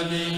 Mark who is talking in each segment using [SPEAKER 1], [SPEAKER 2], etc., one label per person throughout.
[SPEAKER 1] amiin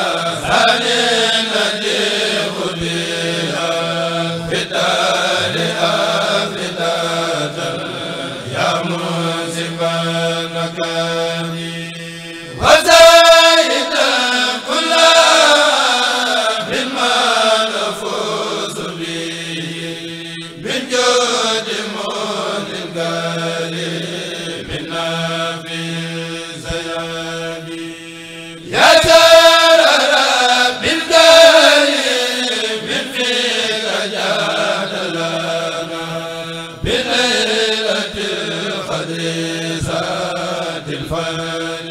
[SPEAKER 1] الفاتحة